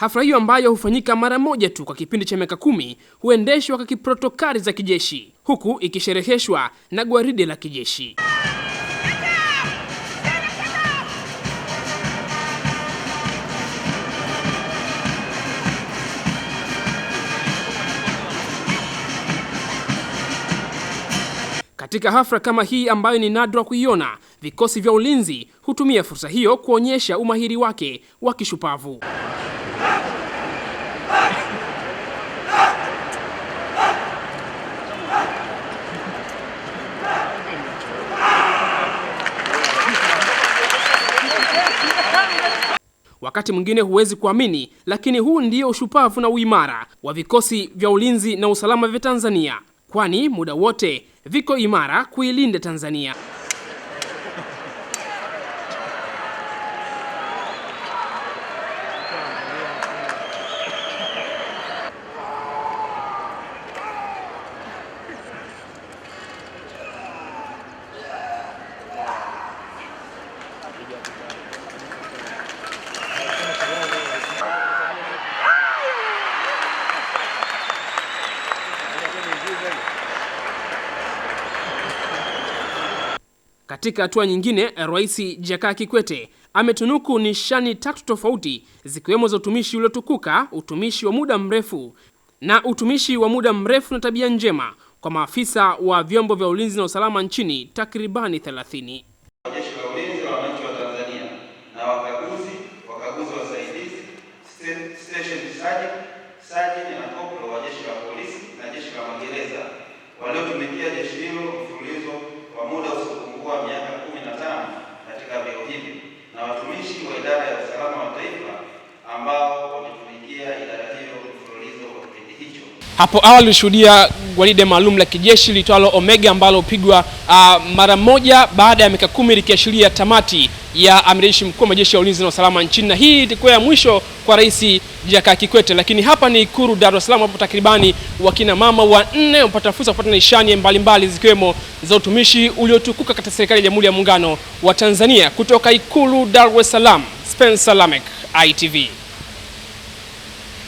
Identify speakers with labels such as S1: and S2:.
S1: Hafla hiyo ambayo hufanyika mara moja tu kwa kipindi cha miaka kumi huendeshwa kwa kiprotokali za kijeshi, huku ikishereheshwa na gwaride la kijeshi. Katika hafla kama hii ambayo ni nadra kuiona, vikosi vya ulinzi hutumia fursa hiyo kuonyesha umahiri wake wa kishupavu. Wakati mwingine huwezi kuamini, lakini huu ndio ushupavu na uimara wa vikosi vya ulinzi na usalama vya Tanzania, kwani muda wote viko imara kuilinda Tanzania. Katika hatua nyingine, Rais Jakaya Kikwete ametunuku nishani tatu tofauti zikiwemo za utumishi uliotukuka, utumishi wa muda mrefu na utumishi wa muda mrefu na tabia njema kwa maafisa wa vyombo vya ulinzi na usalama nchini takribani 30. la ulinzi wananchi wa Tanzania na wakaguzi, wakaguzi jeshi la polisi na jeshi la waliotumikia
S2: jeshi hilo mfululizo muda Hapo awali ulishuhudia gwaride maalum la kijeshi litwalo Omega ambalo hupigwa uh, mara moja baada ya miaka kumi likiashiria tamati ya amiri jeshi mkuu wa majeshi ya ulinzi na usalama nchini, na hii ilikuwa ya mwisho kwa Rais Jakaya Kikwete. Lakini hapa ni Ikulu Dar es Salaam, hapo takribani wakina mama wanne wamepata fursa kupata nishani mbalimbali zikiwemo za utumishi uliotukuka katika serikali ya Jamhuri ya Muungano wa Tanzania. Kutoka Ikulu Dar es Salaam, Spencer Lamek, ITV.